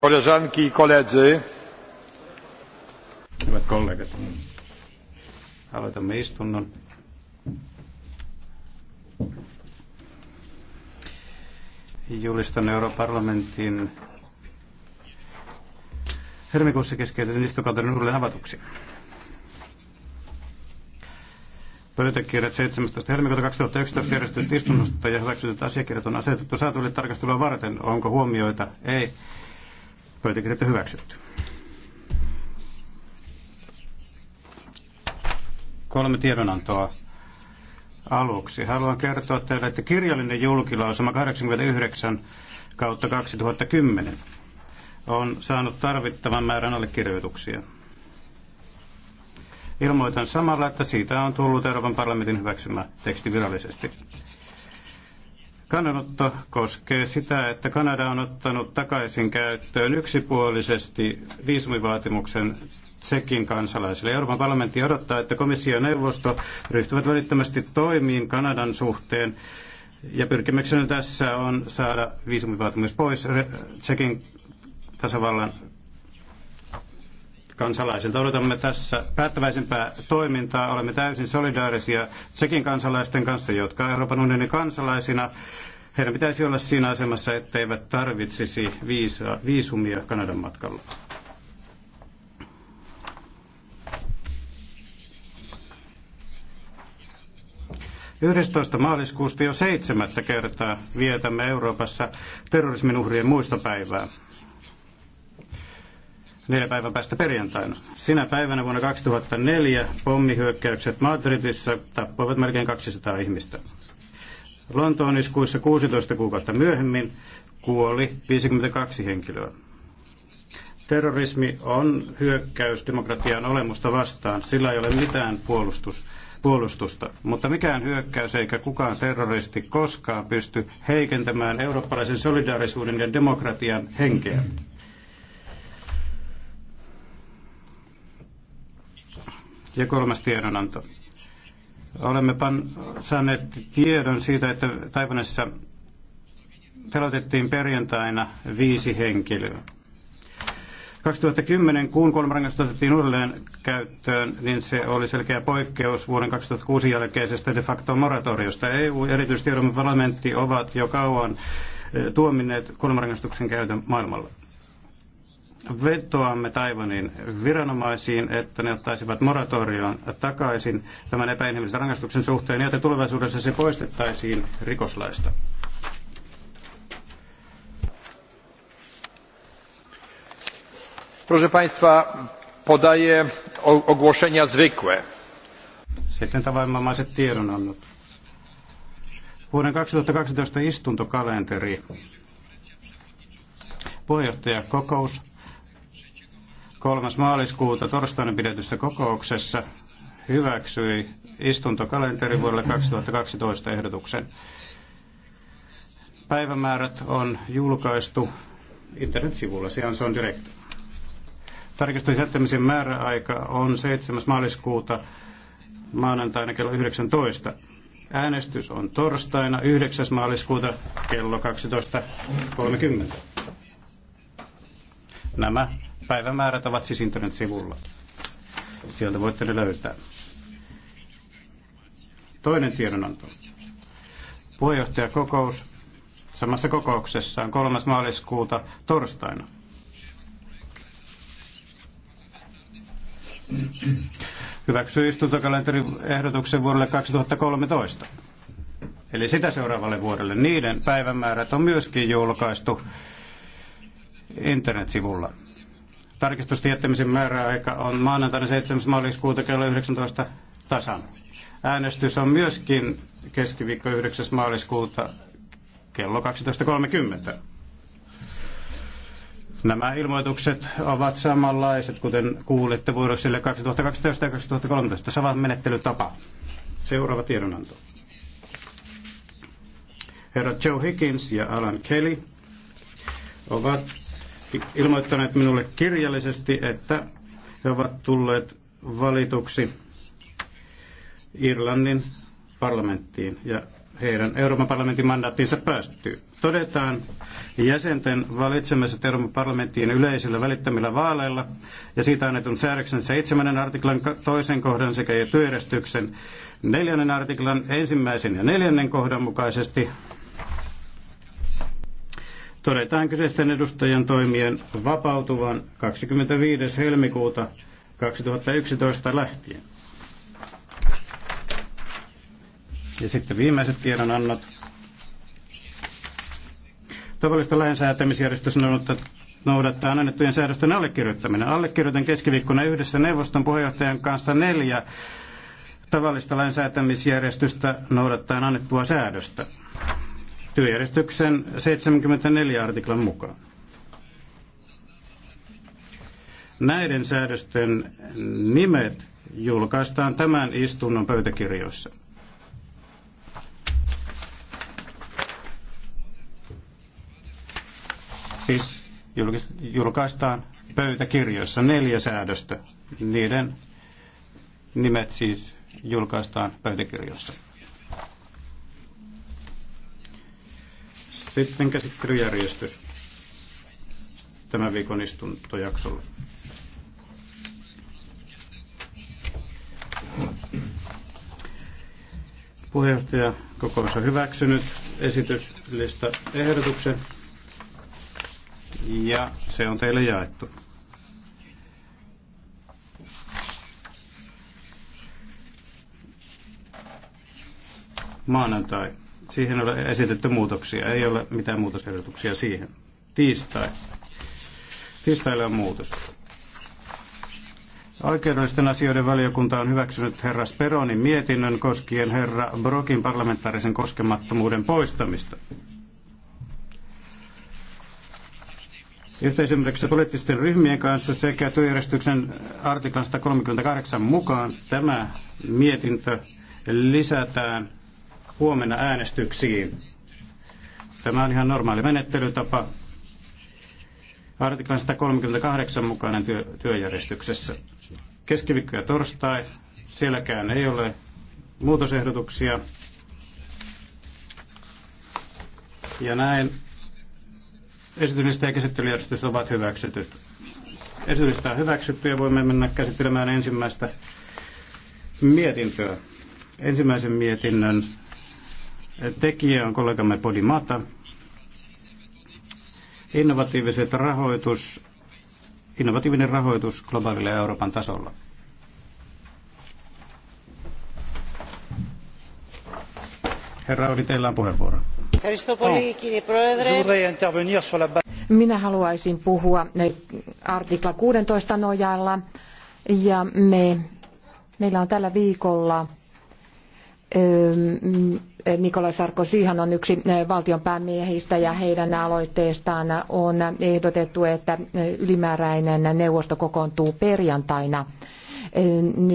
koleżanki i koledzy hyvät kollegat niin aloitamme istunnon julistan europarlamentin helmikuussa keskeytetyn istuntokauden uudelleen avatuksi. Pöytäkirjat 17. helmikuuta 2011 järjestetystä istunnosta ja hyväksytyt asiakirjat on asetettu saatuille tarkastelua varten. Onko huomioita? Ei. Pöytäkirjat on hyväksytty. 3 tiedonantoa aluksi. Haluan kertoa teille, että kirjallinen julkilausuma 89 kautta 2010 on saanut tarvittavan määrän allekirjoituksia. Ilmoitan samalla, että siitä on tullut Euroopan parlamentin hyväksymä teksti virallisesti. Kannanotto koskee sitä, että Kanada on ottanut takaisin käyttöön yksipuolisesti viisumivaatimuksen Tsekin kansalaisille. Euroopan parlamentti odottaa, että komissio ja neuvosto ryhtyvät välittömästi toimiin Kanadan suhteen. Ja pyrkimyksenä tässä on saada viisumivaatimus pois Tsekin tasavallan kansalaisilta. Odotamme tässä päättäväisempää toimintaa. Olemme täysin solidaarisia sekin kansalaisten kanssa, jotka Euroopan unionin kansalaisina heidän pitäisi olla siinä asemassa, etteivät tarvitsisi viisa, viisumia Kanadan matkalla. Yhdestoista maaliskuusta jo seitsemättä kertaa vietämme Euroopassa terrorismin uhrien muistopäivää neljä päivän päästä perjantaina. Sinä päivänä vuonna 2004 pommihyökkäykset Madridissa tappoivat melkein 200 ihmistä. Lontoon iskuissa 16 kuukautta myöhemmin kuoli 52 henkilöä. Terrorismi on hyökkäys demokratian olemusta vastaan. Sillä ei ole mitään puolustus, puolustusta. Mutta mikään hyökkäys eikä kukaan terroristi koskaan pysty heikentämään eurooppalaisen solidaarisuuden ja demokratian henkeä. Ja kolmas tiedonanto. Olemme pan, saaneet tiedon siitä, että Taivanessa telotettiin perjantaina viisi henkilöä. 2010 kuun kuolemanrangaistus otettiin uudelleen käyttöön, niin se oli selkeä poikkeus vuoden 2006 jälkeisestä de facto moratoriosta. EU ja erityisesti Euroopan parlamentti ovat jo kauan eh, tuomineet kuolemanrangaistuksen käytön maailmalla vetoamme Taivanin viranomaisiin, että ne ottaisivat moratorion takaisin tämän epäinhimillisen rangaistuksen suhteen ja että tulevaisuudessa se poistettaisiin rikoslaista. Proszę Państwa, podaję ogłoszenia zwykłe. Sitten tavanomaiset tiedonannot. Vuoden 2012 istuntokalenteri. Puheenjohtajakokous 3. maaliskuuta torstaina pidetyssä kokouksessa hyväksyi istuntokalenteri vuodelle 2012 ehdotuksen. Päivämäärät on julkaistu internetsivulla, sivulla se on direkt. Tarkistusjättämisen määräaika on 7. maaliskuuta maanantaina kello 19. Äänestys on torstaina 9. maaliskuuta kello 12.30. Nämä Päivämäärät ovat siis sivulla Sieltä voitte ne löytää. Toinen tiedonanto. Puheenjohtajakokous samassa kokouksessa on 3. maaliskuuta torstaina. Hyväksyy istuntokalenterin ehdotuksen vuodelle 2013 eli sitä seuraavalle vuodelle. Niiden päivämäärät on myöskin julkaistu internetsivulla jättämisen määräaika on maanantaina 7. maaliskuuta kello 19 tasan. Äänestys on myöskin keskiviikko 9. maaliskuuta kello 12.30. Nämä ilmoitukset ovat samanlaiset, kuten kuulitte vuodoksille 2012 ja 2013. Sama menettelytapa. Seuraava tiedonanto. Herra Joe Higgins ja Alan Kelly ovat ilmoittaneet minulle kirjallisesti, että he ovat tulleet valituksi Irlannin parlamenttiin ja heidän Euroopan parlamentin mandaattiinsa päästyy. Todetaan jäsenten valitsemiset Euroopan parlamenttiin yleisillä välittämillä vaaleilla ja siitä annetun säädöksen 7. artiklan toisen kohdan sekä työjärjestyksen neljännen artiklan ensimmäisen ja neljännen kohdan mukaisesti Todetaan kyseisten edustajan toimien vapautuvan 25. helmikuuta 2011 lähtien. Ja sitten viimeiset tiedonannot. Tavallista lainsäätämisjärjestys on ollut, noudattaa annettujen säädösten allekirjoittaminen. Allekirjoitan keskiviikkona yhdessä neuvoston puheenjohtajan kanssa neljä tavallista lainsäätämisjärjestystä noudattaen annettua säädöstä työjärjestyksen 74 artiklan mukaan. Näiden säädösten nimet julkaistaan tämän istunnon pöytäkirjoissa. Siis julkaistaan pöytäkirjoissa neljä säädöstä. Niiden nimet siis julkaistaan pöytäkirjoissa. Sitten käsittelyjärjestys tämän viikon istuntojaksolla. Puheenjohtaja kokous on hyväksynyt esityslista ehdotuksen ja se on teille jaettu. Maanantai Siihen on ole esitetty muutoksia, ei ole mitään muutosehdotuksia siihen. Tiistai. Tiistaille on muutos. Oikeudellisten asioiden valiokunta on hyväksynyt herra Speronin mietinnön koskien herra Brokin parlamentaarisen koskemattomuuden poistamista. Yhteisymmärryksessä poliittisten ryhmien kanssa sekä työjärjestyksen artiklan 138 mukaan tämä mietintö lisätään huomenna äänestyksiin. Tämä on ihan normaali menettelytapa. Artiklan 138 mukainen työ, työjärjestyksessä. Keskiviikko ja torstai. Sielläkään ei ole muutosehdotuksia. Ja näin esityksestä ja käsittelyjärjestys ovat hyväksytyt. Esitystä on hyväksytty ja voimme mennä käsittelemään ensimmäistä mietintöä. Ensimmäisen mietinnön Tekijä on kollegamme Mata. Innovatiiviset rahoitus, innovatiivinen rahoitus globaalille Euroopan tasolla. Herra Oli, teillä on puheenvuoro. Minä haluaisin puhua artikla 16 nojalla ja me, meillä on tällä viikolla Nicolas Sarkozyhan on yksi eh, valtion päämiehistä ja heidän aloitteestaan on ehdotettu, että eh, ylimääräinen neuvosto kokoontuu perjantaina. Eh, nyt